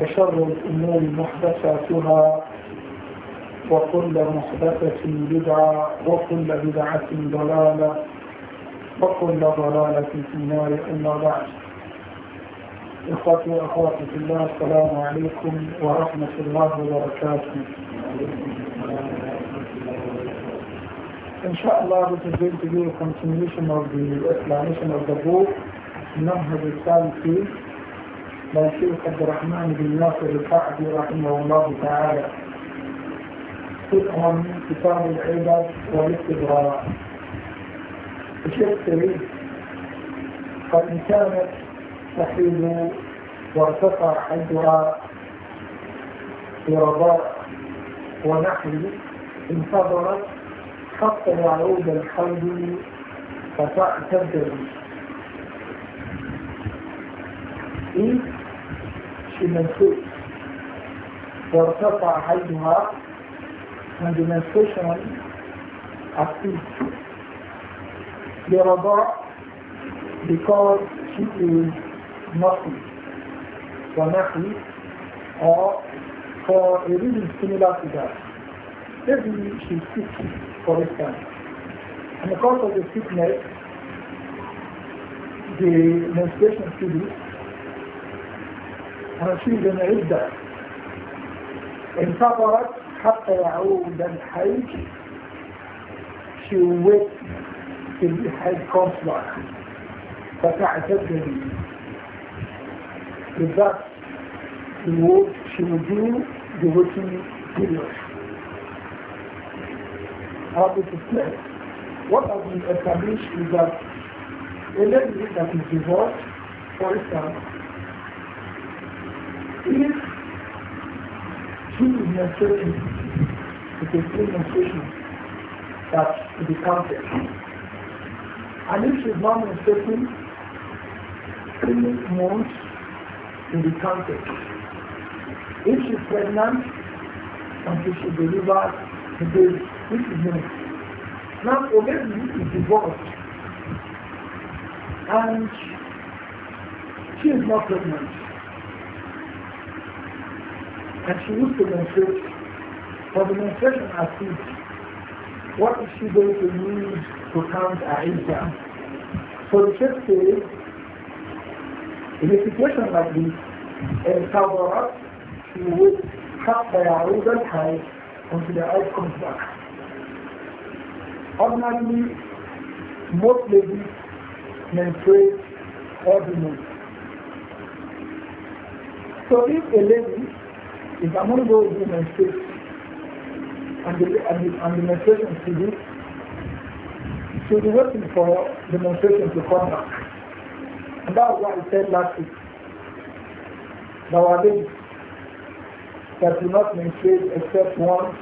وشر الأمور محدثاتها وكل محدثة بدعة وكل بدعة ضلالة وكل ضلالة في النار أما بعد إخوتي وأخواتي في الله السلام عليكم ورحمة الله وبركاته إن شاء الله this is going to be a continuation of the explanation of the book, Nahd al-Salfi, للشيخ عبد الرحمن بن ناصر القعدي رحمه الله تعالى فقه من كتاب العباد والاستبراء الشيخ سعيد قد كانت تحيل وارتفع عندها برضاء ونحل انتظرت حتى يعود الحمل فتعتذر إيه؟ menstruate. وارتفع حيضها and the menstruation there are because she is nothing ونحي or for a reason similar to that. Maybe is sick, for instance. And because of the sickness, the menstruation period رشيدا عدا انتظرت حتى يعود الحج she waited till the hajj comes back فتعتد لي with that the work she will do the waiting period how to explain what has been established is that a lady that is divorced for example If truly we are certain it's a plain demonstration that it is counted. And if she is not mistaken, three months will be counted. If she is pregnant, until she delivers the baby, which is minutes. Now, a baby is divorced and she is not pregnant. and she used to menstruate. For the menstruation see. what is she going to use to count Aisha?" So the chef says, in a situation like this, El Salvador, she would have the arousal high until the eye comes back. Ordinarily, most ladies menstruate every month. So if a lady if I'm going to go do my state and the, and the, and the menstruation to she'll be waiting for the menstruation to come back. And that's what I said last week. Nowadays, that do not menstruate except once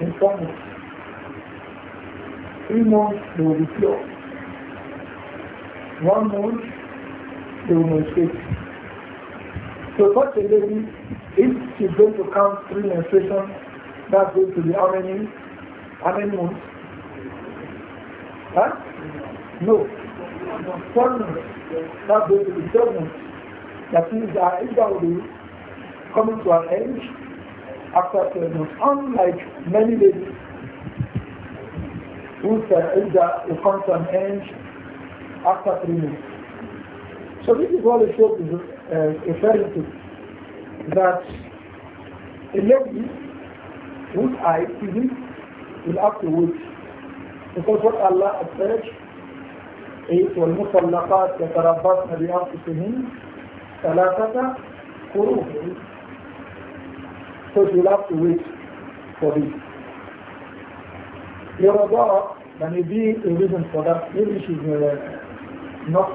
in four months. Three months they will be pure. One month they will menstruate. So such a lady, if she's going to come through menstruation, that's going to be how many, how many months? Huh? No. Four months. That's going to be seven months. That means that if that will be coming to an end after seven months, unlike many ladies whose Idda will come to an end after three months. So this is what the show is uh, referring to that a lady whose eye isn't will have to wait because what Allah has said is والمطلقات يتربصن بأنفسهن ثلاثة قروء so she will have to wait for this يرضى there may be a reason for that maybe she's uh, not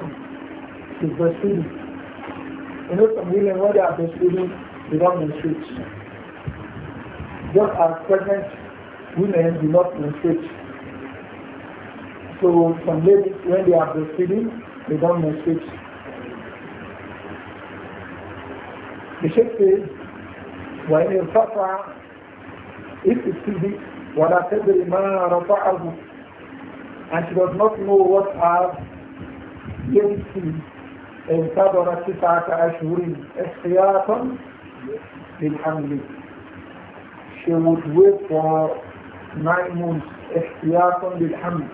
she's breastfeeding you know some women when they are breastfeeding, they don't menstruate. Just as pregnant women do not menstruate. So some ladies when they are breastfeeding, they don't menstruate. The Sheikh says, وإن ارتفع if it is ولا تدري ما رفعه and she does not know what are seen. انتظر تسعة أشهر احتياطا للحمل She would wait احتياطا للحمل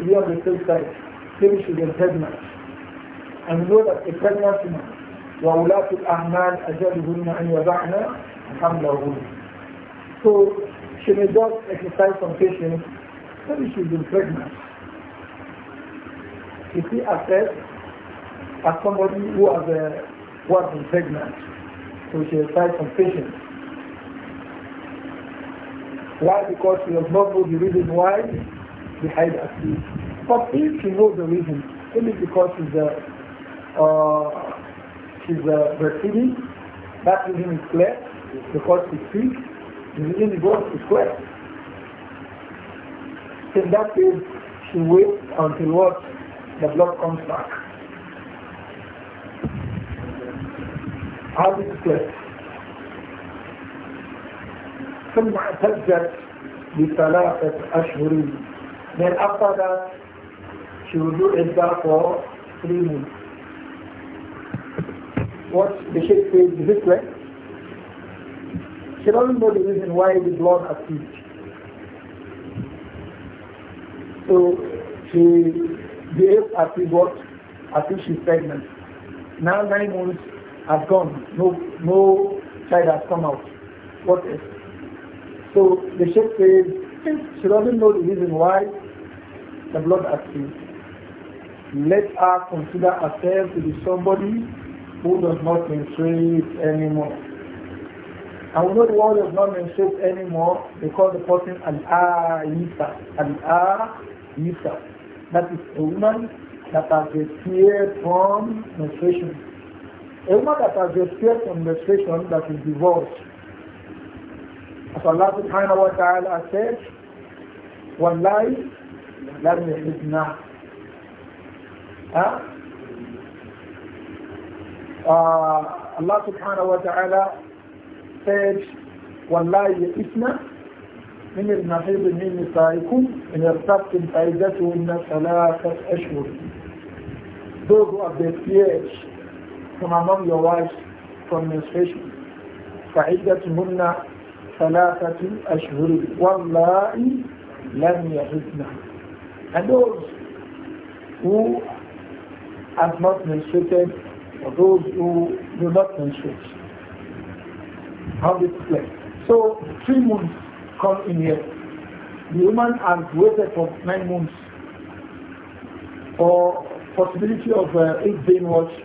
هي the تمشي time finishes the pregnancy and وأولاة الأعمال أجلهن أن يضعن حملهن So she may not exercise some patience when she's been pregnant. If we assess As somebody who has, a, who has been pregnant. So she required some patience. Why? Because she does not know the reason why she had a least. But if she knows the reason, maybe because she's a, uh, uh, she's a uh, breastfeeding, that reason is clear. Because she speaks, the reason is what is clear. In that case, she waits until what? The blood comes back. هذه الثلاث ثم اعتزت لثلاثة أشهر من أفضل she will do idda for three months. What the Sheikh says is this way. She doesn't know the reason why the blood appeared. So she behaved as if what? As if she's pregnant. Now nine months has gone. No, no child has come out. What So the sheikh says, she doesn't know the reason why the blood has been. Let her consider herself to be somebody who does not menstruate anymore. I will know the word does not menstruate anymore because the person al isa al-ayisa. That is a woman that has disappeared from menstruation. A woman that has experienced menstruation that is divorced, as Allah subhanahu wa ta'ala said, وَاللَّهِ لَمْ يَحِدْنَا huh? uh, Allah subhanahu wa ta'ala said, وَاللَّهِ يَحِدْنَا من المحيض من نسائكم إن ارتبتم عدتهن ثلاثة أشهر. Those who have their from among your wives from menstruation. فعدتهن ثلاثة أشهر والله لم يحدن And those who have not menstruated or those who do not menstruate. How this play? So three months come in here. The woman has waited for nine months or possibility of uh, it being watched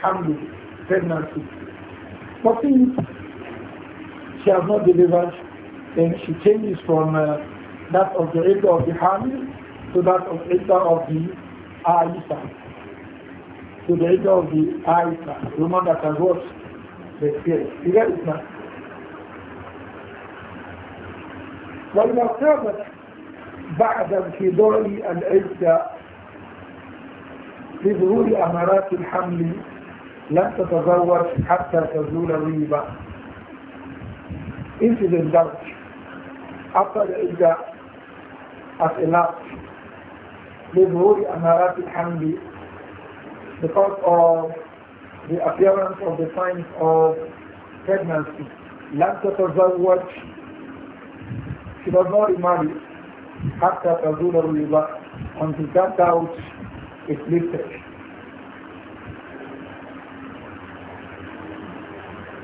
pregnancy. But if she has not delivered, then she changes from uh, that of the Idda of the Hamil to that of Idda of the Aisha. To the Idda of the Aisha, woman that has watched the fear. You get it now? وإذا قامت بعد انفضاء العدة بظهور أمارات الحمل لم تتزوج حتى تزول الريبة If after the idda لظهور أمارات الحمد because of the appearance of the signs of pregnancy. لم تتزوج She does not remarry حتى تزول الريبة until that doubt is lifted.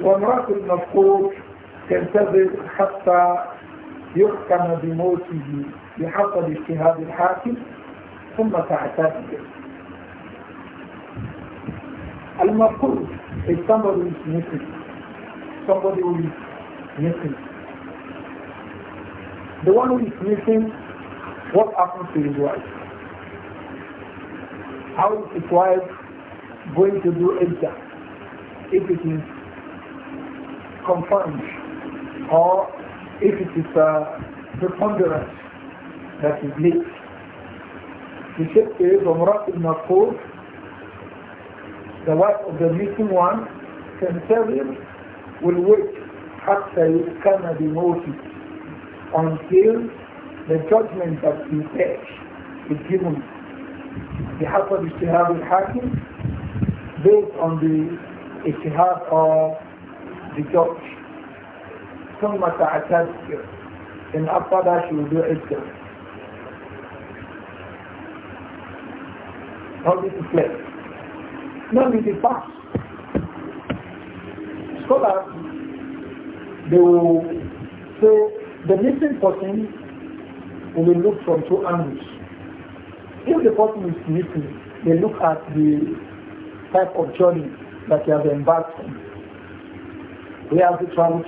ومرات المفقود تنتظر حتى يحكم بموته بحسب اجتهاد الحاكم ثم تعتاد المفقود is somebody is missing somebody who is missing the one who is missing what happens to his wife how is his wife going to do exam if it is confirmed or if it is uh, preponderant that is late. The Sheikh says, Umrah ibn Afur, the wife of the missing one, can tell him, will wait cannot be بموته until the judgment that he takes is given بحسب اجتهاد الحاكم based on the اجتهاد of the church. ثم تعتذر and after that she will do it, How this is clear. No, this is past. Scholars, they will say the missing person will look from two angles. If the person is missing, they look at the type of journey that he has embarked on. We have you to?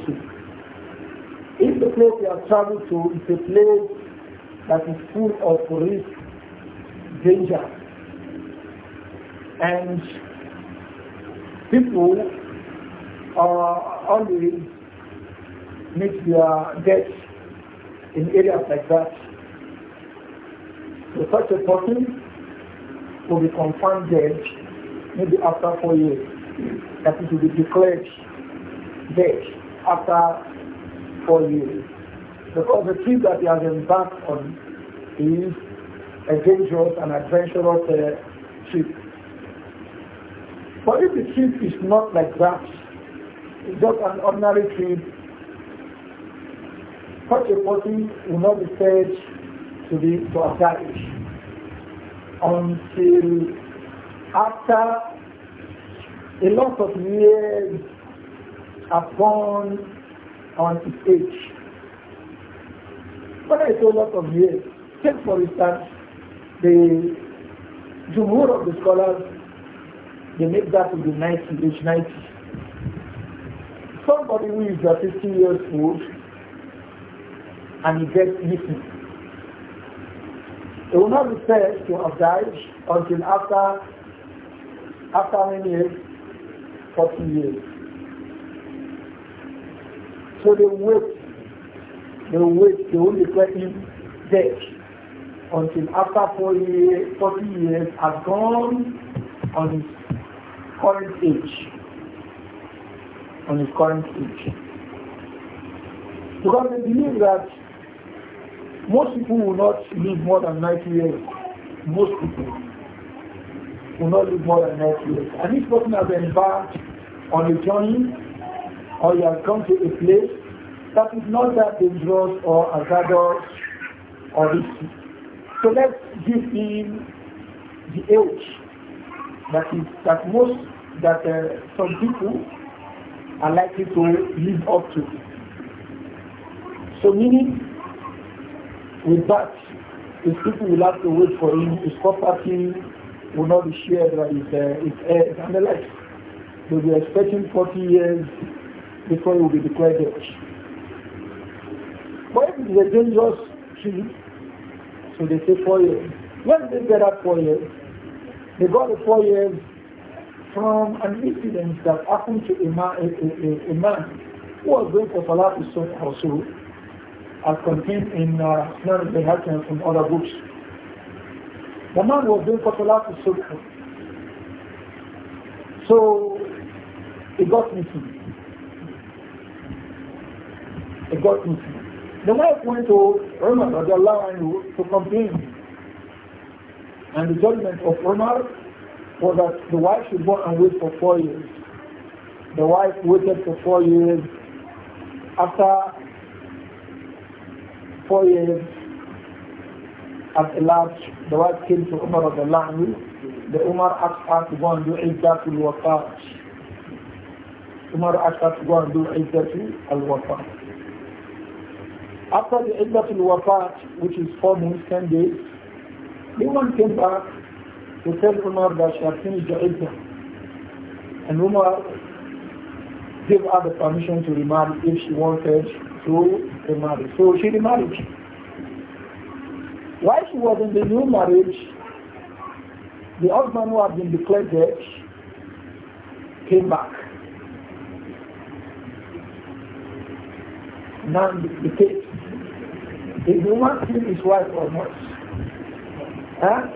If the place you have traveled to is a place that is full of risk, danger, and people are always make their death in areas like that. So such a person will be confirmed dead maybe after four years. That it will be declared dead after four years. Because the trip that he has embarked on is a dangerous and adventurous uh, trip. But if the trip is not like that, it's just an ordinary trip, such a person will not be said to be to a until after a lot of years upon on his age. When I told a lot of years, take for instance the Jumhur of the scholars, they make that to be 90, age 90. Somebody who is 50 years old and he gets missing. It will not be said to have died until after, after many years, 40 years. So they wait. They wait. They will declare him dead until after 40 years, 40 years has gone on his current age. On his current age. Because they believe that most people will not live more than 90 years. Most people will not live more than 90 years. And this person has embarked on a journey or you have come to a place that is not that dangerous or hazardous or risky. So let's give him the age that is that most that uh, some people are likely to live up to. So meaning with that, if people will have to wait for him, his property will not be shared by his, uh, his heirs and the like. They'll be expecting 40 years before it will be declared rich. But if it's a dangerous tree, so they say four years. When did they get up four years? They got the four years from an incident that happened to a man, a, a, a man who was going for Salat or so, as contained in uh, Sunan the bayhaqi and some other books. The man was doing Salat al So, he got missing. It got into. The wife went to Umar to complain. And the judgment of Umar was that the wife should go and wait for four years. The wife waited for four years. After four years at large, the wife came to Umar of the Langu. The Umar asked her to go and do Izzatul Wafat. Umar asked her to go and do Izzatul Al-Wafat. After the Iddat al-Wafat, which is four months, ten days, the woman came back to tell Umar that she had finished the Iddah. And Umar gave her the permission to remarry if she wanted to remarry. So she remarried. While she was in the new marriage, the husband who had been declared dead came back. Now the, the case did the kill his wife or not? Huh?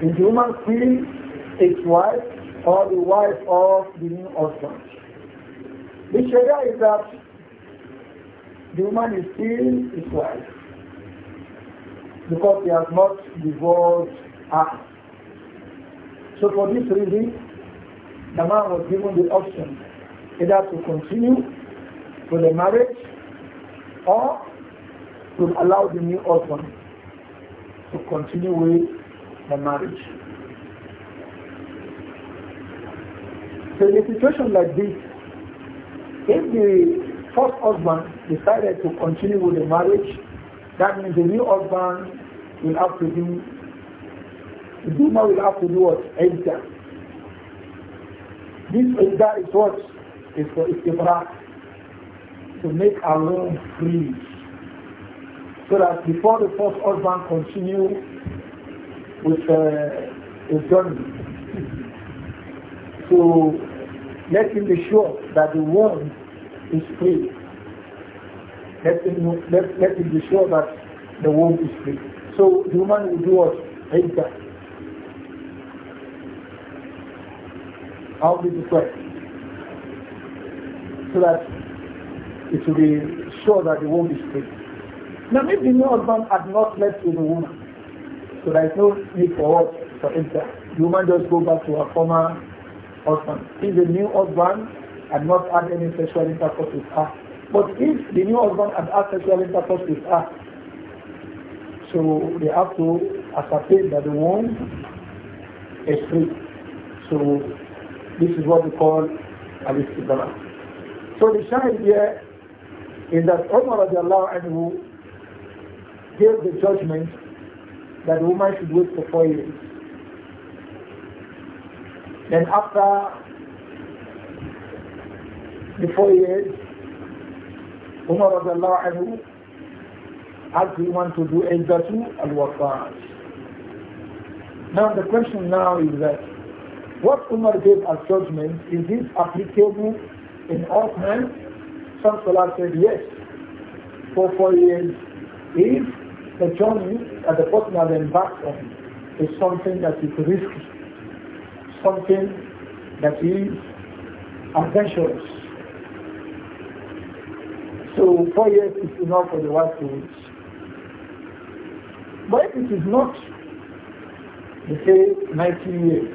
Did the human kill his wife or the wife of the new husband? The Sharia is that the woman is still his wife because he has not divorced her. So for this reason, the man was given the option either to continue with the marriage or to allow the new husband to continue with the marriage. So in a situation like this, if the first husband decided to continue with the marriage, that means the new husband will have to do, the Duma will have to do what? Enter. This is is what? Is for Istibra, to make our own free so that before the first husband continue with uh, his journey. So let him be sure that the one is free. Let him, let, let him be sure that the womb is free. So the woman will do what? Idda. How did it work? So that it will be sure that the womb is free. Now, if the new husband had not slept with the woman, so there is no need for what? For instance, the woman just go back to her former husband. If the new husband had not had any sexual intercourse with her, but if the new husband had had sexual intercourse with her, so they have to ascertain that the woman is free. So this is what we call al-istibara. So the shahid here is that Umar radiallahu anhu Give the judgment that the woman should wait for four years. Then after the four years, Umar anhu asked the woman to do Izzatu al-Wafat. Now the question now is that what Umar gave as judgment, is this applicable in all times? Some scholars said yes, for four years if the journey at the person has embarked on is something that is risky, something that is adventurous. So four years is enough for the wife to reach. But it is not, they say 90 years,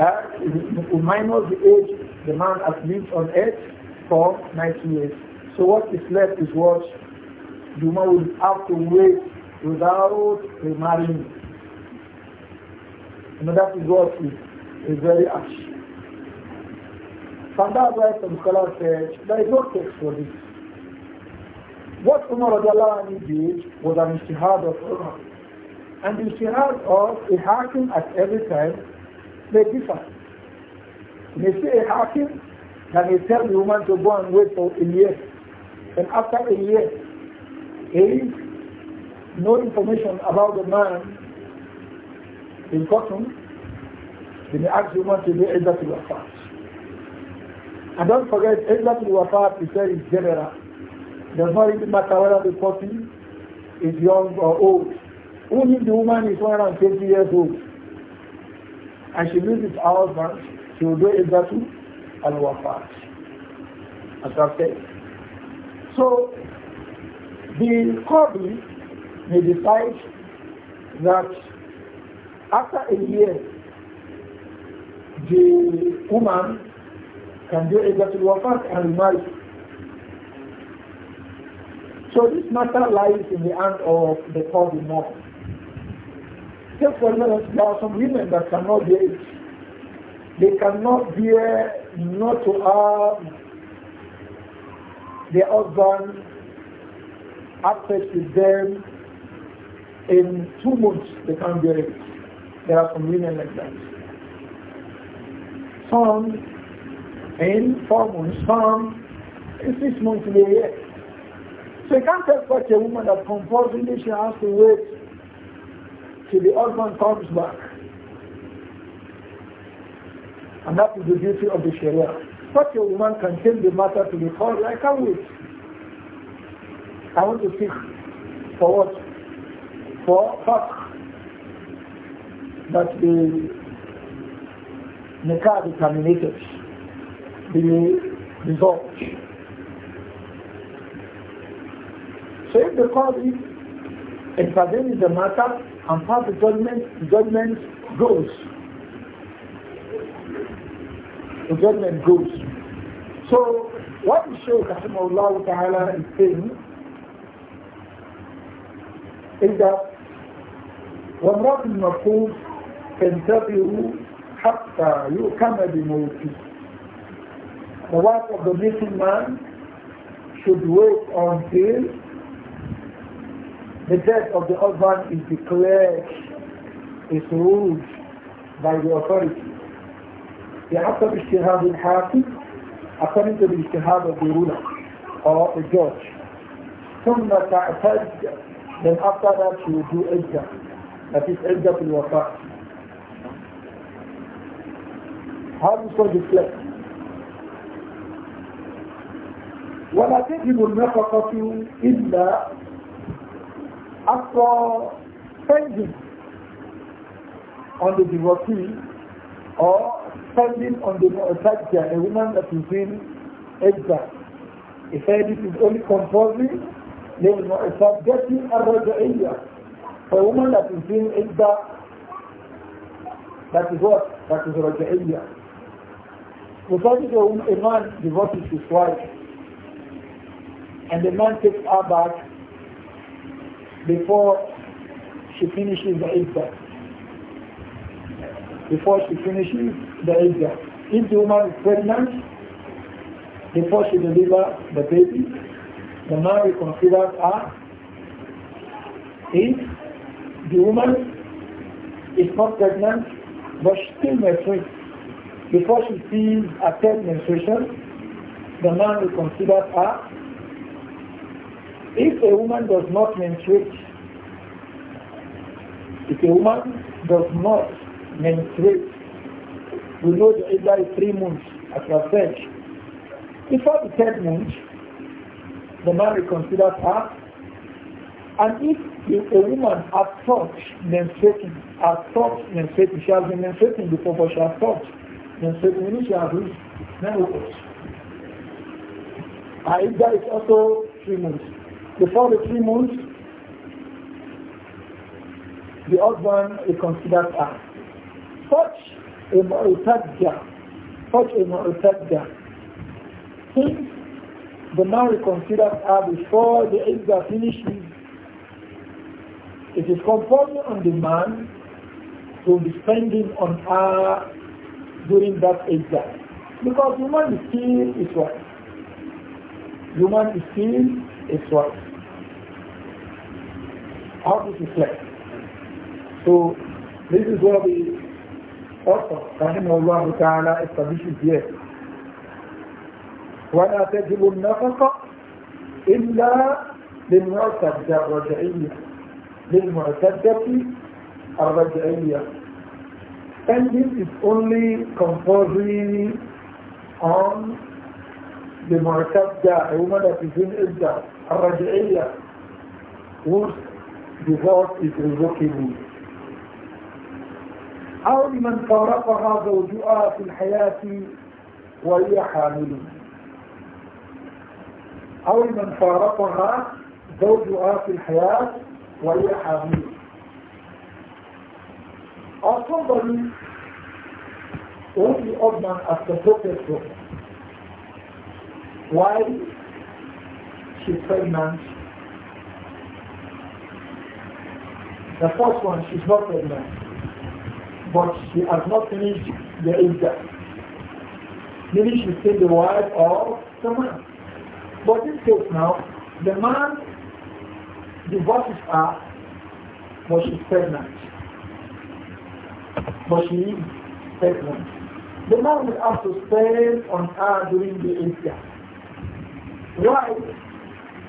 uh, minus the age the man has lived on earth for 90 years. So what is left is what Juma will have to wait without remarrying. And that is what is, is very harsh. From that way, some scholars say there is no text for this. What Umar did was an ijtihad of Umar. And the ijtihad of a hakim at every time may differ. May say a hakim that may tell the woman to go and wait for a year. And after a year, is no information about the man in cotton, then he the woman to do exactly what part. And don't forget, exactly what part is very is general. Does not even matter whether the person is young or old. Only the woman is 120 years old and she loses her husband, she will do exactly al-wafat. As I said. So the Qadi may decide that after a year, the woman can do Iddatul Wafat and marry. So this matter lies in the hand of the Qadi more. Just for instance, there are some women that cannot bear it. They cannot bear not to have their husband Access to them in two months they can't get it. There are some women like that. Some in four months, some in six months in a year. So you can't expect a woman that compulsively she has to wait till the husband comes back. And that is the duty of the Sharia. Such a woman can take the matter to the court, I can't wait. I want to seek for what? For fuck. That the nikah be terminated, be dissolved. So if the qadi in the matter and pass the judgment, the judgment goes. The judgment goes. So what the Shaykh Rahimahullah Ta'ala is saying إذا والرب المفروض تنتظروا حتى يؤكم بموته The wife of the missing man should wait until the death of the husband is declared, is ruled by the authority. Ishtihad اجتهاد الحاكم according to the Ishtihad of the ruler or the judge. ثم تعتد Then after that she will do iddah. That is iddah fil wafa. How this one reflect? ولا تجب النفقة إلا after spending on the devotee or spending on the Sajjah, a woman that is in exile. He said it is only compulsory للمعتدة الرجعية for a woman that is doing idda that is what? That is رجعية Because a man divorces his wife and the man takes her back before she finishes the idda. Before she finishes the idda. If the woman is pregnant, before she delivers the baby, the man we consider as if the woman is not pregnant but still menstruates. Before she sees a third menstruation, the man we consider as if a woman does not menstruate, if a woman does not menstruate, we know the it is three months, at I said. Before the third month, the man reconsiders her. And if a woman has thought menstruating, has thought menstruating, she has been menstruating before, but she has thought menstruating, meaning she has reached menopause. And if that is also three months. Before the three months, the husband reconsiders her. Such a mu'tadda, such a mu'tadda, since the man reconsiders her before the exam finishes. It is compulsory on the man to be spending on her during that exam, Because woman is still his wife. Woman is still his wife. How this is like. So this is what the author, Rahimahullah Ta'ala, establishes here. ولا تجب النفقة إلا للمعتدة الرجعية للمعتدة الرجعية and this is only composing on the معتدة a woman that is in idda الرجعية whose divorce is revocable أو لمن فارقها زوجها في الحياة وهي حامل أو من فارقها زوجها في الحياة وهي حامل Or somebody whom only old man has supported from while she's pregnant. The first one, she's not pregnant, but she has not finished the exam. Maybe she's still the wife of the man. But this case now, the man divorces her, but she's pregnant. But she is pregnant. The man will have to spend on her during the eight years. Why?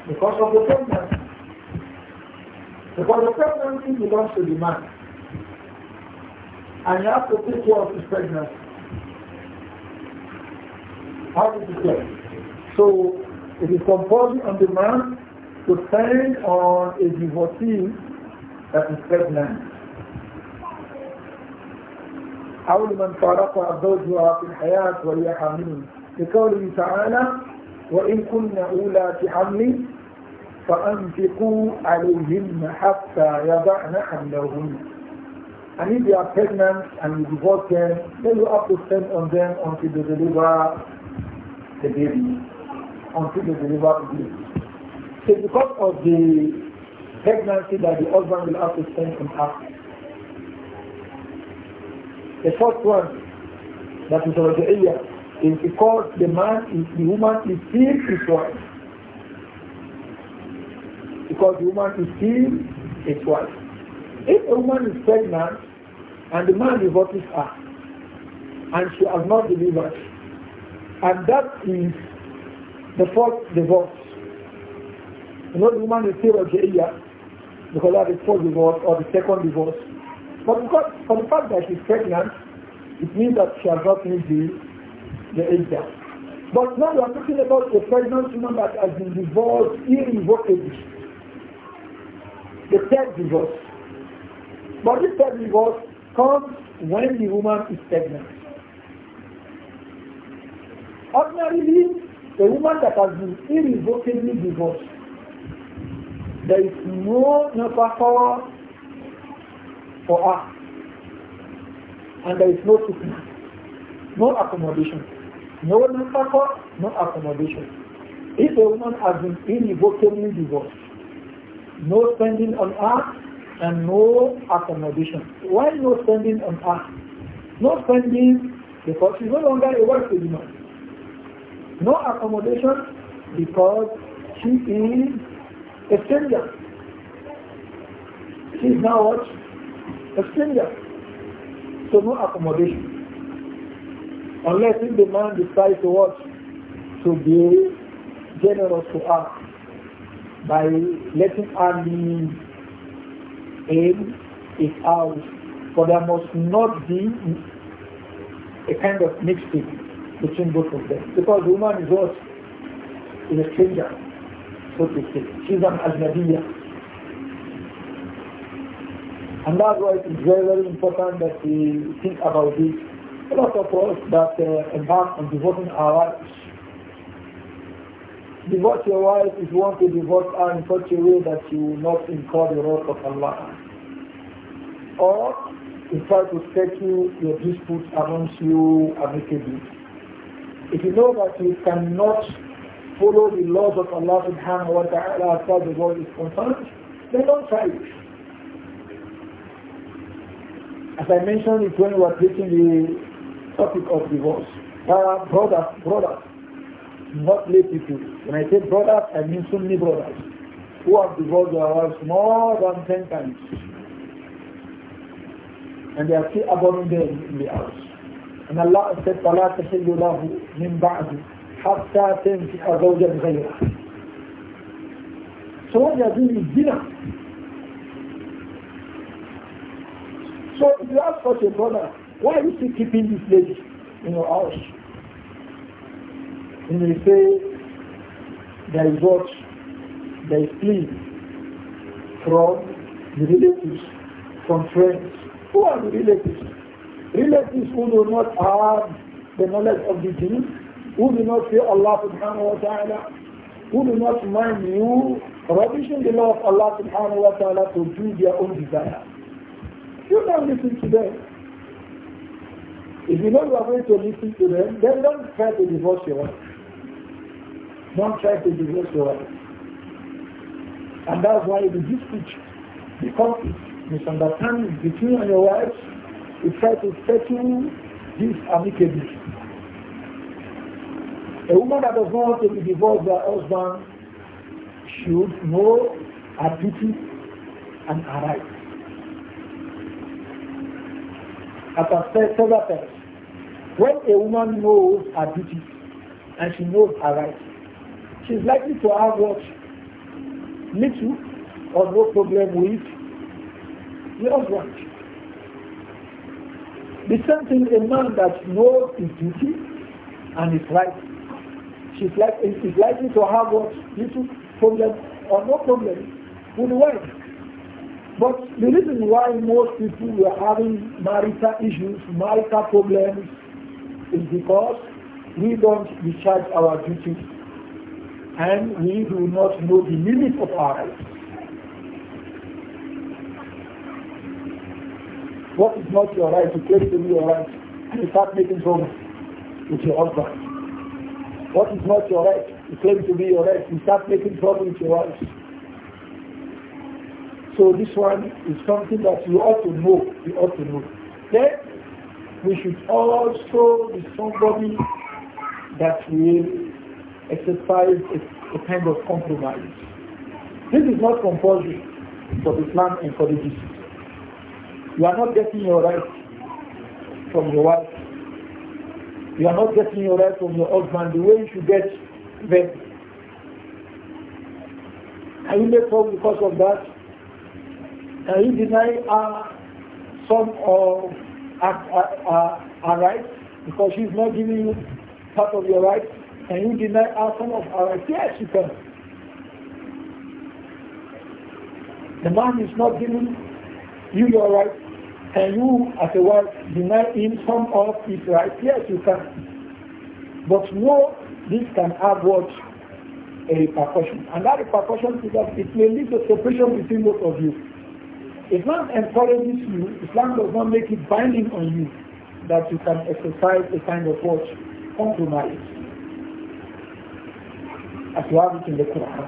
Because of the pregnancy. Because the pregnancy belongs to the man. And you have to take care of his pregnancy. How did you say? So It is compulsory on the man to spend on a devotee that is pregnant. أو لمن فارقها زوجها في الحياة وهي حامل لقوله تعالى وإن كن أولى حمل فأنفقوا عليهن حتى يضعن حملهن And if they are pregnant and you divorce them, then you have to spend on them until they deliver the baby. until they deliver milk. So because of the pregnancy that the husband will have to spend on her. The first one that is already the area is because the man is the woman is still his wife. Because the woman is still his wife. If a woman is pregnant and the man divorces her and she has not delivered, and that is the fourth divorce. An old the woman will a Rajaiya because of the fourth divorce or the second divorce. But because for the fact that she's pregnant, it means that she has not made the, the But now we are talking about a pregnant woman that has been divorced irrevocably. The third divorce. But this third divorce comes when the woman is pregnant. Ordinarily, a woman that has been irrevocably divorced, there is no nafaqah for her. And there is no sickness, no accommodation. No nafaqah, no accommodation. If a woman has been irrevocably divorced, no spending on her and no accommodation. Why no spending on her? No spending because she's no longer a working woman. No accommodation because she is a stranger. She is now what? A stranger. So no accommodation. Unless if the man decides to what? To be generous to her by letting her live in his house. But there must not be a kind of mixing between both of them. Because woman is what? Is a stranger, so to speak. She's an ajnabiya. And that's why it is very, very important that we think about this. A lot of us that uh, embark on devoting our lives, Divorce your wife if you want to divorce her in such a way that you will not incur the wrath of Allah. Or in try to settle your disputes amongst you amicably. If you know that you cannot follow the laws of Allah subhanahu wa ta'ala as far as the world is concerned, then don't try it. As I mentioned it when we were preaching the topic of divorce. Uh, brothers, brothers, not lay people. When I say brothers, I mean Sunni brothers who have divorced their wives more than ten times. And they are still abandoning them in the house. And Allah said, فَلَا تَحِلُّ لَهُ مِنْ بَعْدِ حَتَّى تَنْفِحَ زَوْجًا غَيْرَهُ So what they are doing is So if you ask such a brother, why is he keeping this lady in your house? He may say, there is what? There is plea from the relatives, from friends. Who are the relatives? relatives who do not have the knowledge of the deen, who do not fear Allah subhanahu wa ta'ala, who do not mind you rubbishing the law of Allah subhanahu wa ta'ala to do their own desire. You don't listen to them. If you know you are going to listen to them, then don't try to divorce your wife. Don't try to divorce your wife. And that's why the dispute becomes misunderstanding between you and your wife we try to settle this amicably. A woman that does not want to be divorced by her husband should know her duty and her rights. As I've said several times, when a woman knows her duty and she knows her rights, she's likely to have what little or no problem with the husband. The same thing a man that knows his duty and his right. She's like is likely to have what little problem or no problem with the wife. But the reason why most people were having marital issues, marital problems, is because we don't discharge our duties and we do not know the limit of our rights. what is not your right, you claim to be your right, and you start making trouble with your husband. What is not your right, you claim to be your right, you start making trouble with your wife. So this one is something that you ought to know, you ought to know. Then we should also be somebody that will exercise a, a kind of compromise. This is not compulsory for the Islam and for the Jews. You are not getting your rights from your wife. You are not getting your rights from your husband the way you should get them. Are you made wrong because of that? Can you deny uh, some of our rights because she's not giving you part of your rights? Can you deny her some of our rights? Yes, you can. The man is not giving you your rights and you as a wife deny him some of his rights? Yes, you can. But no, this can have what? A repercussion. And that repercussion is that it may lead to separation between both of you. Islam encourages you, Islam does not make it binding on you that you can exercise a kind of what? Compromise. As you have it in the Quran.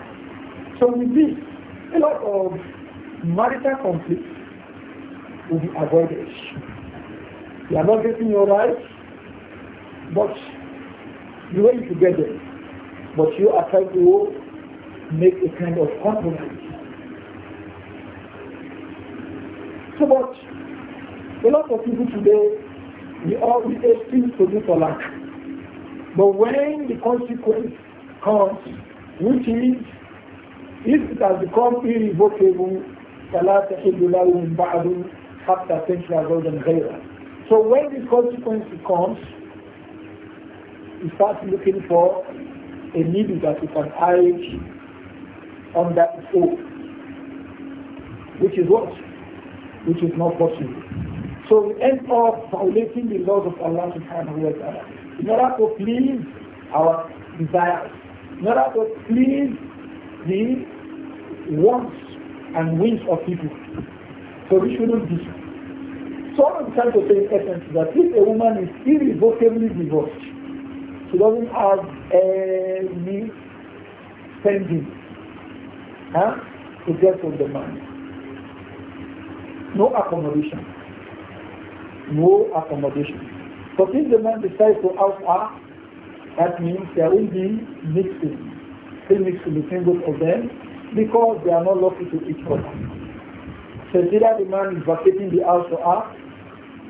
So with this, a lot of marital conflicts will be avoided. You are not getting your rights, but you want to get them. But you are trying to make a kind of compromise. So much. A lot of people today, we all we things to do for lack. But when the consequence comes, which is, if it has become irrevocable, حتى تنشر زوجا غيره. So when this consequence comes, you start looking for a needle that you can hide on that own, which is what? Which is not possible. So we end up violating the laws of Allah subhanahu wa ta'ala. In order to please our desires, in order to please the wants and wings of people. So we shouldn't be. So what I'm trying to say in essence is that if a woman is irrevocably divorced, she doesn't have any pending huh, to get from the man. No accommodation. No accommodation. But if the man decides to out her, that means there will be mixing. Still mixing between both of them because they are not lucky to each other. Consider the man is vacating the house for us,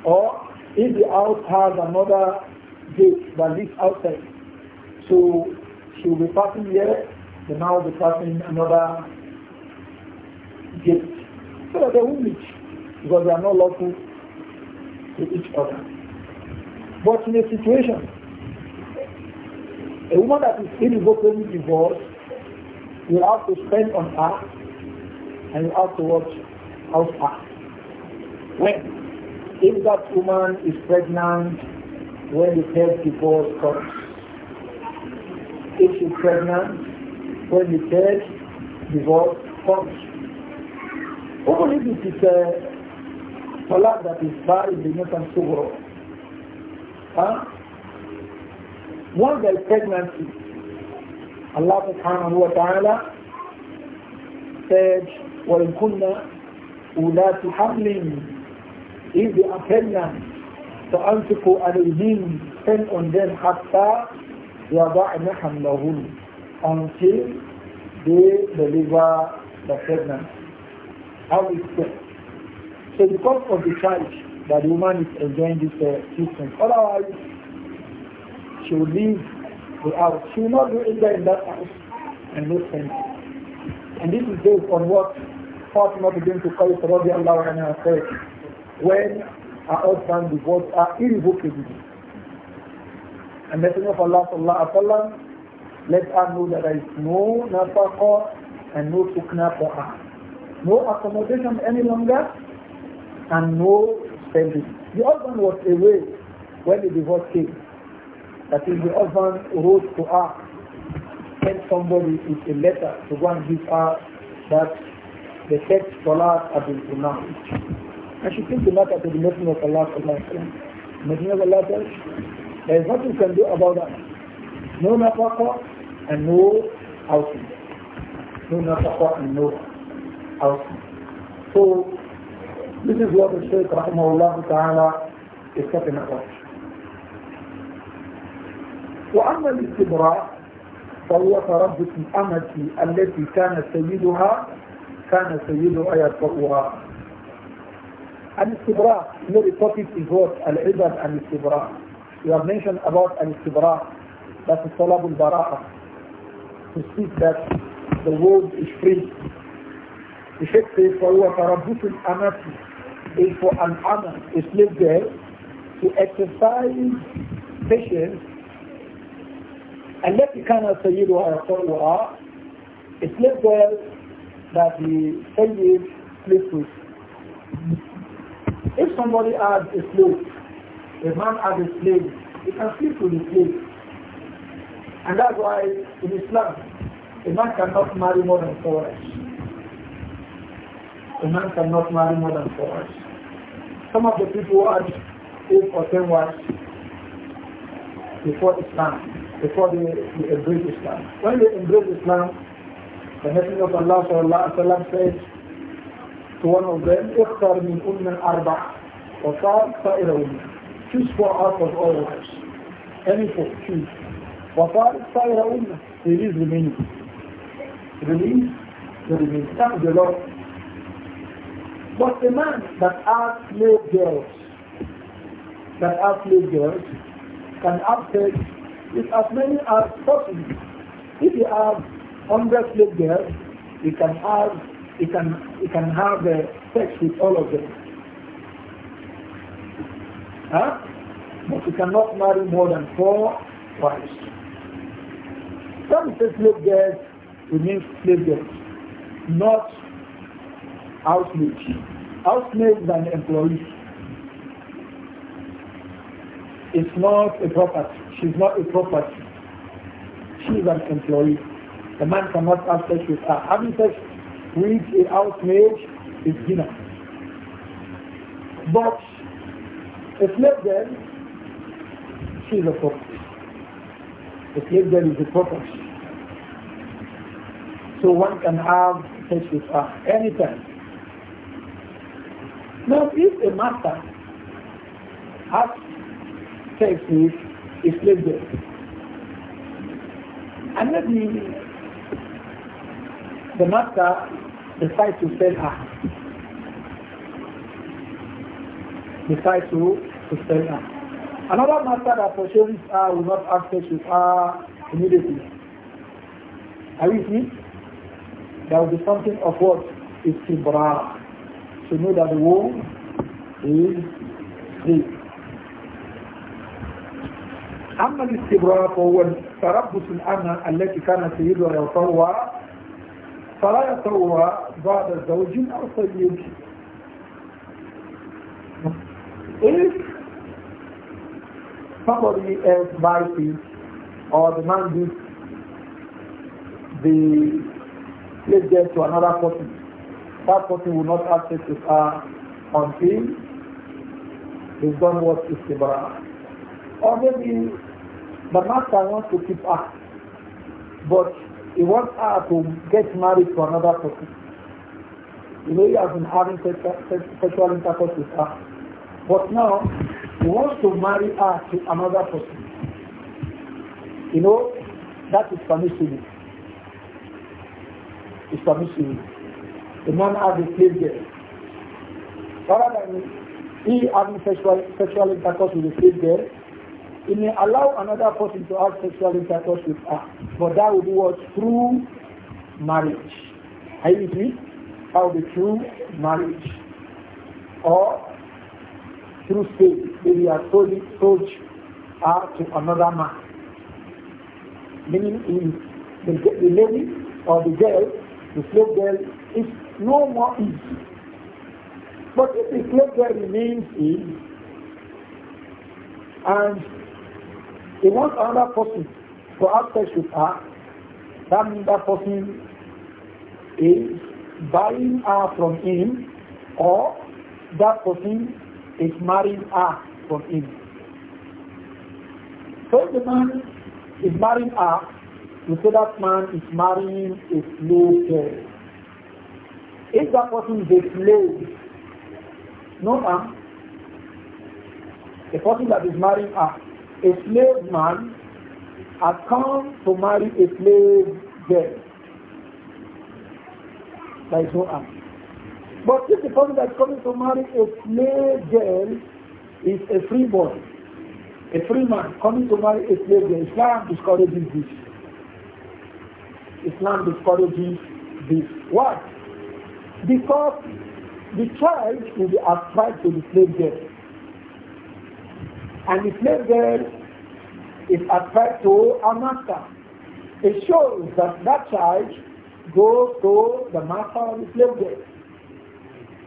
or if the house has another gate that lives outside, so she will be passing here, then now will be passing another gate. So that they won't meet, because they are not lawful to each other. But in a situation, a woman that is irrevocably divorced will have to spend on her and you have to watch house act. When, if that woman is pregnant when the third divorce comes, if she's pregnant when the third divorce comes, only if it is a salat that is bar in the Newton Sugro. Huh? Once there is pregnancy, Allah subhanahu wa ta'ala said, وَإِن كُنَّا أولاة حمل if they answer for فأنفقوا عليهم spend on them حتى يضعن حملهن until they deliver the pregnancy. How is that? So because of the charge that the woman is enjoying this uh, system, otherwise she will leave the house. She will not do anything in that house and no sense. And this is based on what Fatima bint Qais radiallahu anha said, when her husband divorced her irrevocably, and Messenger of Allah sallallahu alaihi wasallam let her know that there is no nafaqa and no sukna for her, no accommodation any longer, and no spending. The husband was away when the divorce came. That is, the husband wrote to her, sent somebody with a letter to go and give her that respect Salat as an Imam. And she took the matter to the Messenger of Allah sallallahu Messenger of Allah says, there is nothing you can do about that. No nafaqa and no outing. No nafaqa and no outing. So, this is what the Shaykh rahimahullah ta'ala is talking about. وأما الاستبراء فهو تربص الأمة التي كان سيدها كان سيده يتقوها الاستبراء you know the topic is what العبد and الاستبراء You have mentioned about الاستبراء that is طلب البراءة to speak that the world is free the Sheikh says فهو تربص الأمة is for an honor a slave girl to exercise patience التي كان سيدها يطوعها a slave girl that the slave sleeps with. If somebody has a slave, a man has a slave, he can sleep with the slave. And that's why in Islam, a man cannot marry more than four wives. A man cannot marry more than four wives. Some of the people had eight or ten wives before Islam, before they, they embraced Islam. When they embraced Islam, the Messenger of Allah sallallahu alayhi wa says to one of them, اختر من أم الأربع وصار سائر أم. Choose for us of all wives. Any four, choose. وصار سائر أم. Release the meaning. Release the meaning. Thank the Lord. But the man that has no girls, that has no girls, can have sex with as many as possible. If he has hundred slave girls, he can have he can he can have uh, sex with all of them. Huh? But he cannot marry more than four wives. Some slave girls remain slave girls, not housemates. Housemates than employees. It's not a property. She's not a property. She's an employee. A man cannot have sex with her. Having sex with a housemaid is dinner. But a slave girl, she is a property. A slave girl is a property. So one can have sex with her anytime. Now if a master has sex with a slave girl, and maybe the master decides to sell her. Decides to, to sell her. Another master that purchases her will not have sex with her immediately. Are you with me? There will be something of what is tibra. To know that the womb is free. أما الاستبراء فهو تربص الأمة التي كان سيدها يرفعها فلا يطوها بعد زوج أو صديق If somebody else buys it or the man gives the let's get to another person, that person will not access sex with her until he's done what is liberal. Or maybe the master wants to keep her, but he wants her to get married to another person. You know, he has been having sexual intercourse with her. But now, he wants to marry her to another person. You know, that is permissible. It's permissible. The man has a slave girl. Rather than he having sexual, sexual intercourse with a slave girl, he may allow another person to have sexual intercourse with her, but that would be what? Through marriage. Are you with me? That would be marriage. Or through state, maybe he sold, it, her to another man. Meaning in the, the lady or the girl, the slave girl, is no more easy. But if the slave girl remains in, and they want another person to have That means that person is buying her from him or that person is marrying her from him. So the man is marrying her, you say that man is marrying a slave girl. If that person is a slave, man, the person that is marrying her, a slave man had come to marry a slave girl. That is no But if the person that's coming to marry a slave girl is a free boy, a free man coming to marry a slave girl, Islam discourages this. Islam discourages this. Why? Because the child will be ascribed to the slave girl. And the slave girl is attracted to a master. It shows that that child goes to the master of the slave girl.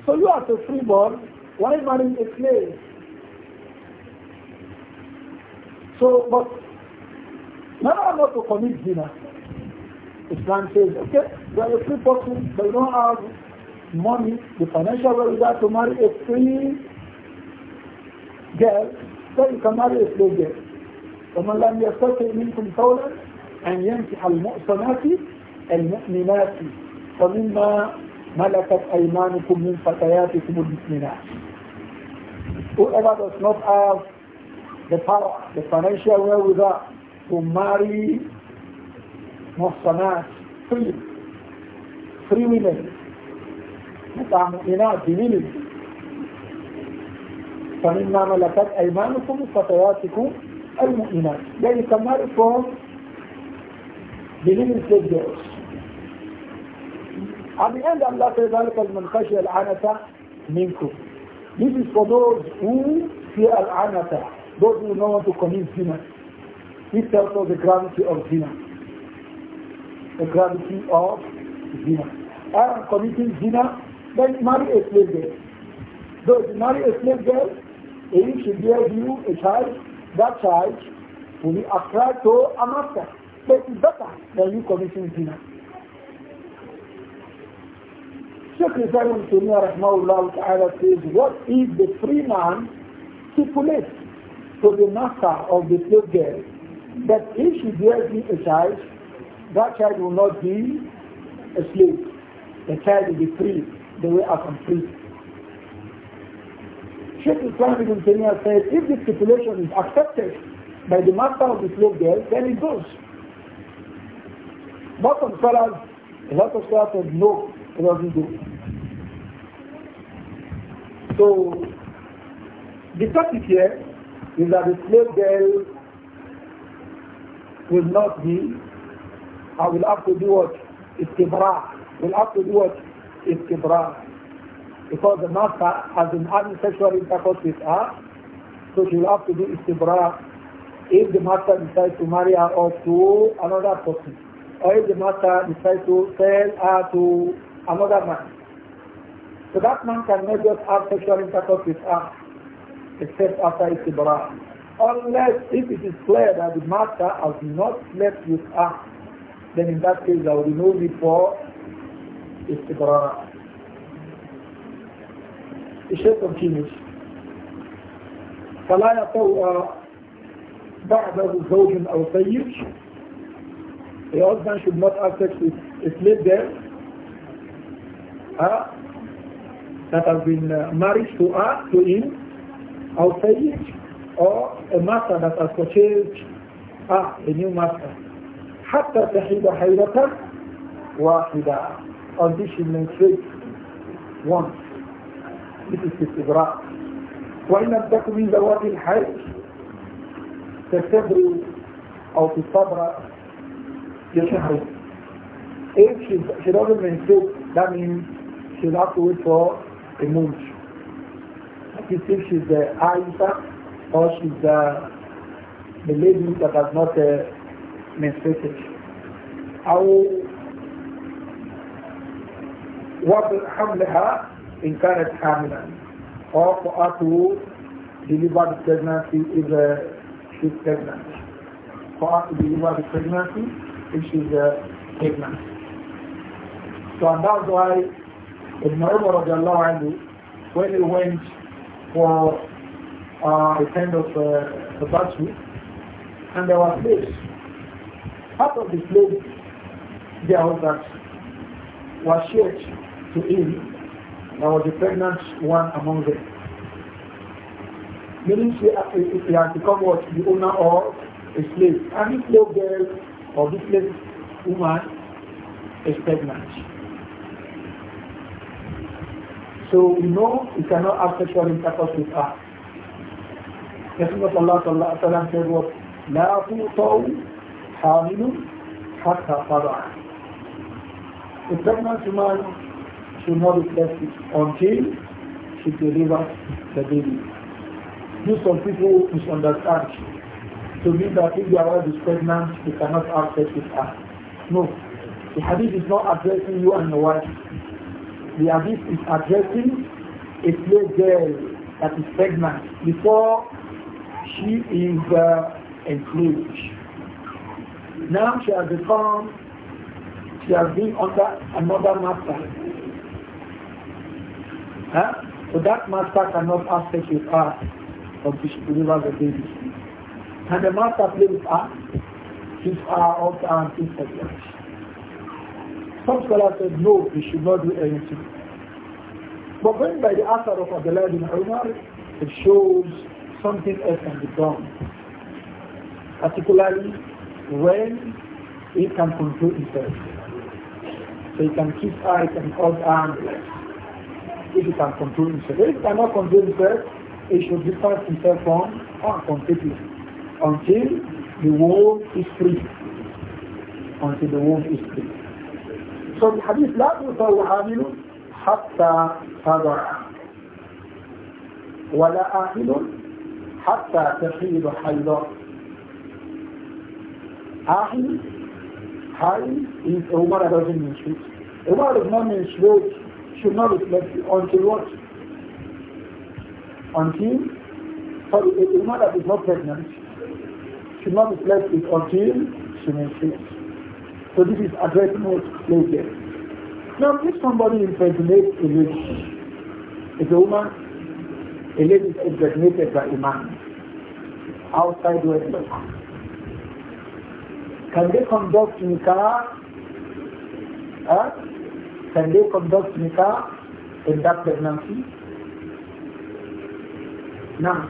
So you are a freeborn, why marry a slave? So, but now I'm not to commit dinner. Islam says, okay, you are a free person, but you don't have money, the financial wherewithal to marry a free girl, يستطيع كما الإسلوبية ومن لم يستطع منكم طولا أن ينفح المؤسنات المؤمنات ومما ملكت أيمانكم من فتياتكم المؤمنات Whoever does not have the power, the financial with wherewithal to marry muhsanat, free, free women, that are not believing, فمما ملكت أيمانكم فتواتكم المؤمنات يعني come from the limited girls. At the end ذلك من خشي العنة منكم. This is for those who fear al-anata, those who know how to commit zina. This tells us the gravity of zina. The gravity of zina. I am committing zina, then marry a slave girl. Those marry a slave girl, If she bears you a child, that child will be ascribed to a master. That is better than you committing zina. Sheikh Islam Tumiya Rahmahullah Ta'ala says, what if the free man stipulates to the master of the slave girl that if she bears me a child, that child will not be a slave. The child will be free the way I am free. Sheikh Islam Ibn Taymiyyah says if this stipulation is accepted by the master of the slave girl, then it goes. But some scholars, a lot of scholars said, no, it doesn't go. So, the topic here is that the slave girl will not be, I will have to do what? I Will have to do what? Istibra because the master has been having sexual intercourse with her, so she will have to do istibra if the master decides to marry her or to another person, or if the master decides to sell her to another man. So that man cannot just have sexual intercourse with her, except after istibra, unless if it is clear that the master has not slept with her, then in that case there will be no need for istibra. The Shaykh continues. فلا يطوع بعده زوج أو سيد The husband should not have sex with a slave girl uh, that has been uh, married to her, uh, to him, or sayyid, or a master that has purchased ah, a new master. حتى تحيد حيرة واحدة until she menstruates once. بالاستبراء وإن لم تكن من ذوات الحيض تستبرئ أو تستبرأ لشهر If she, she doesn't menstruate, that means she'll have to wait for a month. Like you see, she's the Aisha or she's the, the lady that has not uh, menstruated. أو وضع حملها in كانت حاملا or for her to deliver the pregnancy if uh, she's pregnant. For her to deliver the pregnancy if is uh, pregnant. So and that's why in Ibn Umar when he went for uh, a kind of uh, a battery and there was this Part of the place, there was that was shared to him there was a pregnant one among them. Meaning uh, she, has become what? The owner or a slave. And this slave girl or this slave woman is pregnant. So we know we cannot have sexual intercourse with her. That's of Allah sallallahu alayhi said what? لا تؤطوا حامل حتى طبعا. The pregnant woman should not reflect it until she delivers the baby. Do some people misunderstand to mean that if your wife is pregnant, you cannot have sex with her. No. The hadith is not addressing you and your wife. The hadith is addressing a slave girl that is pregnant before she is uh, enslaved. Now she has become, she has been under another master Huh? So that master cannot aspect with her or she delivers the baby. And the master plays with her, keeps her out and things like that. Some scholars said, no, we should not do anything. But when by the author of Abdullah bin Umar, it shows something else can be done. Particularly when he can control himself. So he can keep her, he can hold her, and if he can control himself. If he cannot control himself, he should distance himself from or completely until the world is free. Until the world is free. So the hadith لا تطوع عامل حتى تضع ولا آهل حتى تحيد حيضا آهل حائل is Umar doesn't menstruate. Umar does not menstruate should not reflect until what? Until, sorry, a woman that is not pregnant should not reflect it until she menstruates. So this is addressing what later. Now, if somebody impregnates a lady, if a woman, a lady is impregnated by a man outside wedlock, can they conduct car? Huh? Can they conduct nikah in that pregnancy? Now,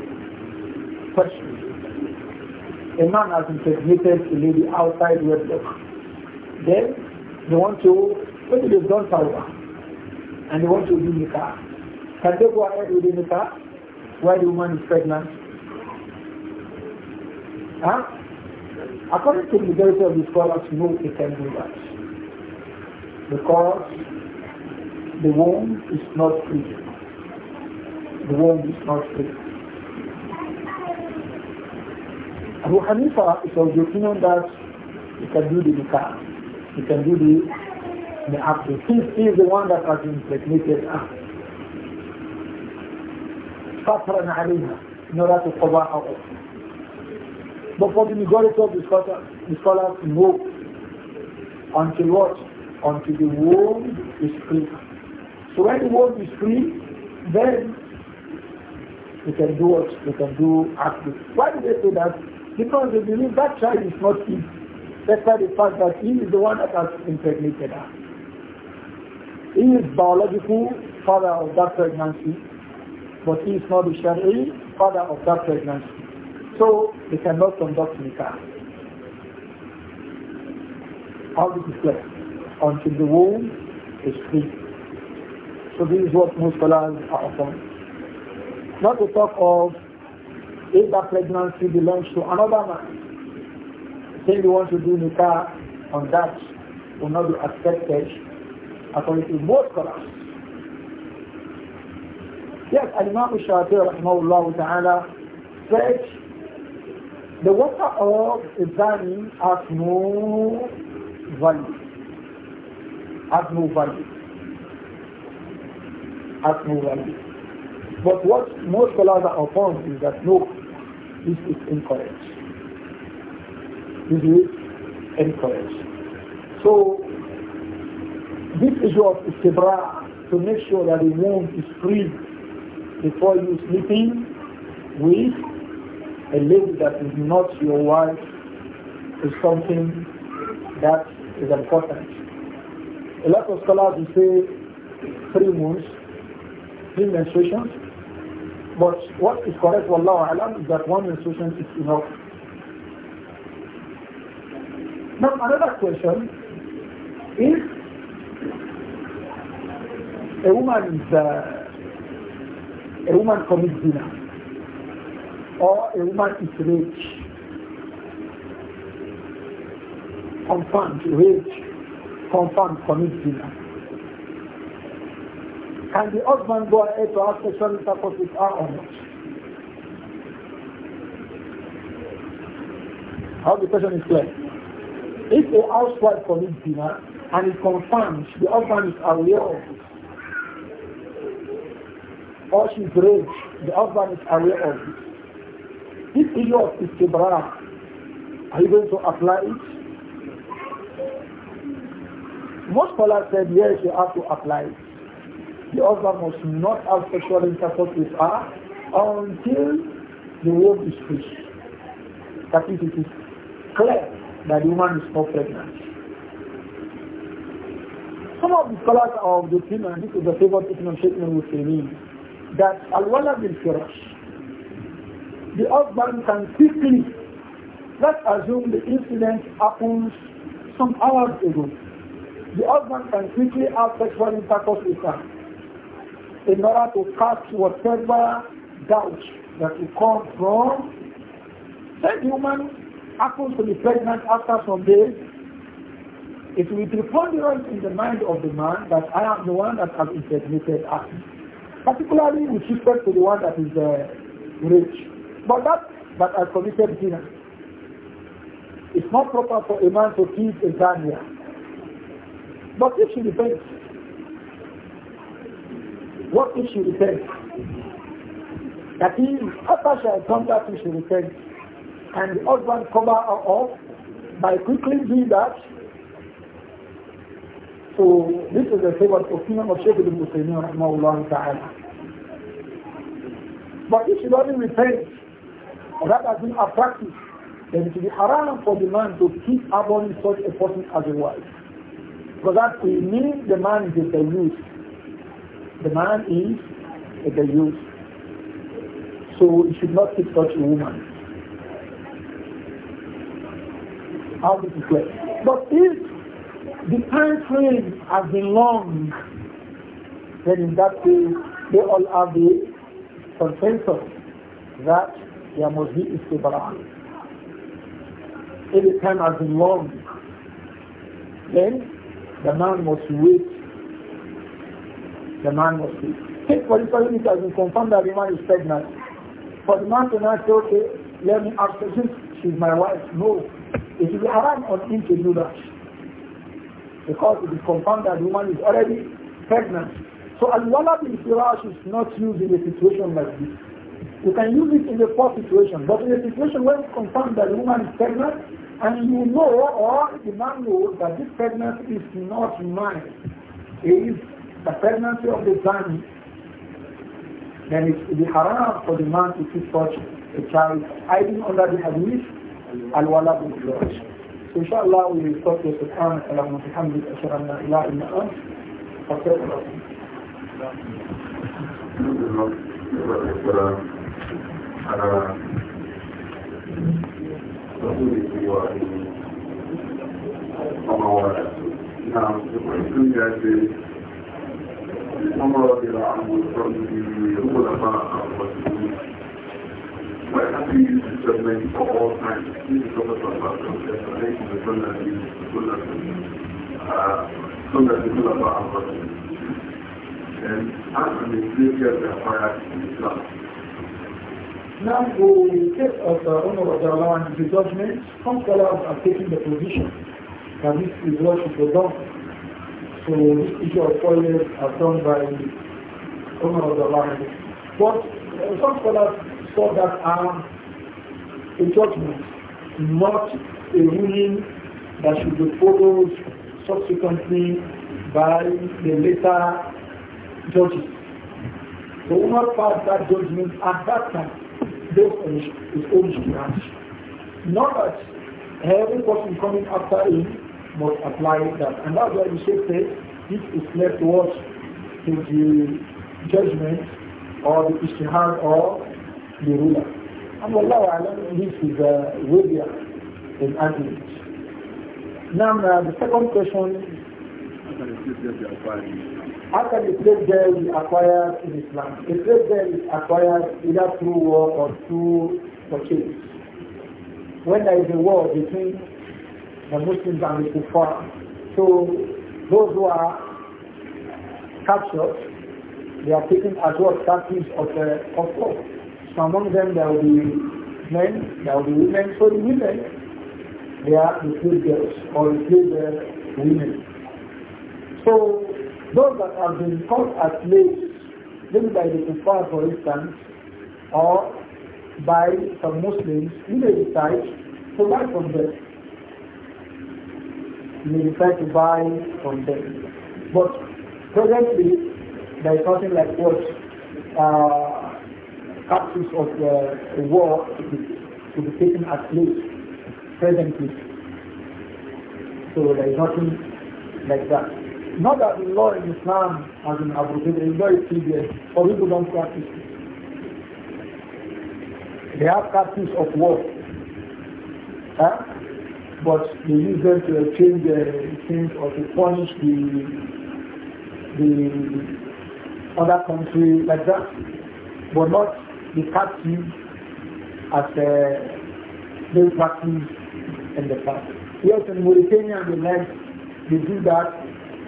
question. A man has impregnated a lady outside wedlock. Then they want to, put they've done and they want to do nikah. Can they go ahead with the nikah while the woman is pregnant? Huh? According to the majority of the scholars, no, they can do that. Because the womb is not free. The womb is not free. Abu Hanifa is of the opinion that you can do the nikah, you can do the me'abdu. Since he is the one that has been impregnated after. Ah. Fatran in order to cover up. But for the majority of the scholars, the scholars no. Until what? Until the womb is clear. So when the world is free, then we can do what we can do active. Why do they say that? Because they believe that child is not his. why the fact that he is the one that has impregnated her. He is biological father of that pregnancy, but he is not the Shari'i father of that pregnancy. So they cannot conduct nikah. How this is clear? Until the womb is free. So this is what most scholars are upon. Not to talk of if that pregnancy belongs to another man. Saying you want to do nikah on that will not be accepted according to most scholars. Yes, Imam Shafi rahmahullah ta'ala said the water of Ibrahim has no value. Has no value no value. But what most scholars are upon is that no, this is incorrect. This is incorrect. So this issue of istibra to make sure that the womb is free before you sleeping with a lady that is not your wife is something that is important. A lot of scholars will say three months three menstruations. But what is correct, Wallahu Alam, is that one menstruation is enough. Now another question is a woman is uh, a woman commits zina or a woman is rich, confirmed rich, confirmed commits zina can the husband go ahead to ask the intercourse with her or not? How the question is clear. If a housewife commits dinner and it confirms the husband is aware of it, or she's raped, the husband is aware of it. This issue of istibra, are you going to apply it? Most scholars said yes, you have to apply it the husband must not have sexual intercourse with her until the womb is free. That is, it is clear that the woman is not pregnant. Some of the scholars of the opinion, and this is the favorite opinion statement with Semin, that Al-Wala bin Firash, the husband can quickly, let's assume the incident happens some hours ago, the husband can quickly have sexual intercourse with her in order to cast whatever doubt that will come from that woman happens to be pregnant after some days. It will be ponderant in the mind of the man that I am the one that has impregnated her, particularly with respect to the one that is uh, rich. But that that has committed sin. It's not proper for a man to keep a Zania. But if she repents, what if she repents? That is, after she has done that, she repents. And the husband cover her off by quickly doing that. So this is the favorite opinion of Shaykh ibn Musaymin rahmahullah ta'ala. But if she doesn't repent, or that has been a practice, then it will be haram for the man to keep abhorring such a person as a wife. Because that will mean the man is a youth the man is the youth. So he should not take touching a woman. How this is clear. But if the time frame has been long, then in that case they all have the consensus that there must be istibara. If the time has been long, then the man must wait the man was. be. Take for example, it has can confirm that the man is pregnant. but the man to not okay, let me ask her since she's my wife. No. It is haram on him to do that. Because it is confirmed that the woman is already pregnant. So al-wala the firash is not used in a situation like this. You can use it in a poor situation, but in a situation where it's confirmed that the woman is pregnant, and you know or the man knows that this pregnancy is not mine, it is the pregnancy of the zani, then it's the haram for the man to keep such a child hiding under the hadith al-wala bil إن شاء الله ويستطيع سبحانك اللهم وبحمدك أشهد أن لا إله إلا وما إلى عمود خلفاء الرسول Well, I think this is the main for all time. This is what the Prophet said, the Sunnah is of the Savior, is Now, for the case of Umar of Allah and judgment, some scholars are taking the position that this is what should be done. So issue of spoilers are done by owner of the land, But uh, some scholars saw that as um, a judgment, not a ruling that should be followed subsequently by the later judges. So Umar passed that judgment at that time based on his own judgment. Not that every person coming after him must apply that. And that's why the Sheikh said this is left towards to the judgment or the ishtihad or the ruler. And Allah Alam, this is uh, a way in argument. Now uh, the second question after the slave girl be acquired in Islam, the slave is acquired either through war or through purchase. When there is a war between the Muslims and the Kuffar. So those who are captured, they are taken as well captives of the of war. So among them there will be men, there will be women, so the women, they are the field girls or the field women. So those that have been caught as slaves, maybe by the Kuffar for instance, or by some Muslims, you may decide to buy from them may decide to buy from them. But presently, there is something like what uh, of uh, the, war to be, to be taken at least presently. So there is nothing like that. Not that the law in Islam has been abrogated, it's very serious, or people don't practice it. They have captives of war. Huh? but they use them to change the things or to punish the the other country like that, but not the captive as a they practice in the past. Yes, in Mauritania and the they do that,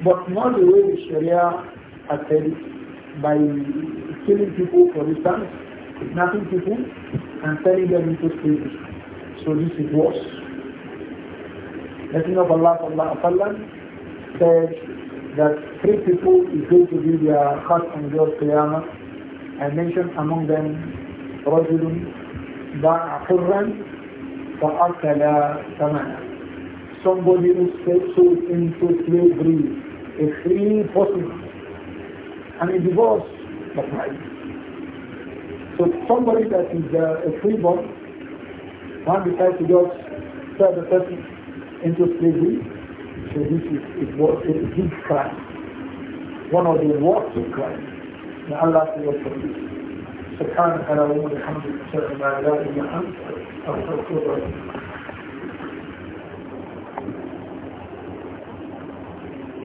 but not the way the Sharia has said it, by killing people, for instance, kidnapping people, and turning them into slaves. So this is worse. Messenger of Allah sallallahu alaihi said that three people is going to be their heart on your Qiyamah. I mentioned among them رجل باع حرا فأكل ثمنه somebody who sold into slavery, a free person, and a divorce the price. So somebody that is uh, a free born, one decides to just sell the person into slavery. So this is, it what is a big crime. One of the worst of crimes. Allah save us from this. سبحانك اللهم وبحمدك اشهد ان لا اله الا انت استغفرك واتوب اليك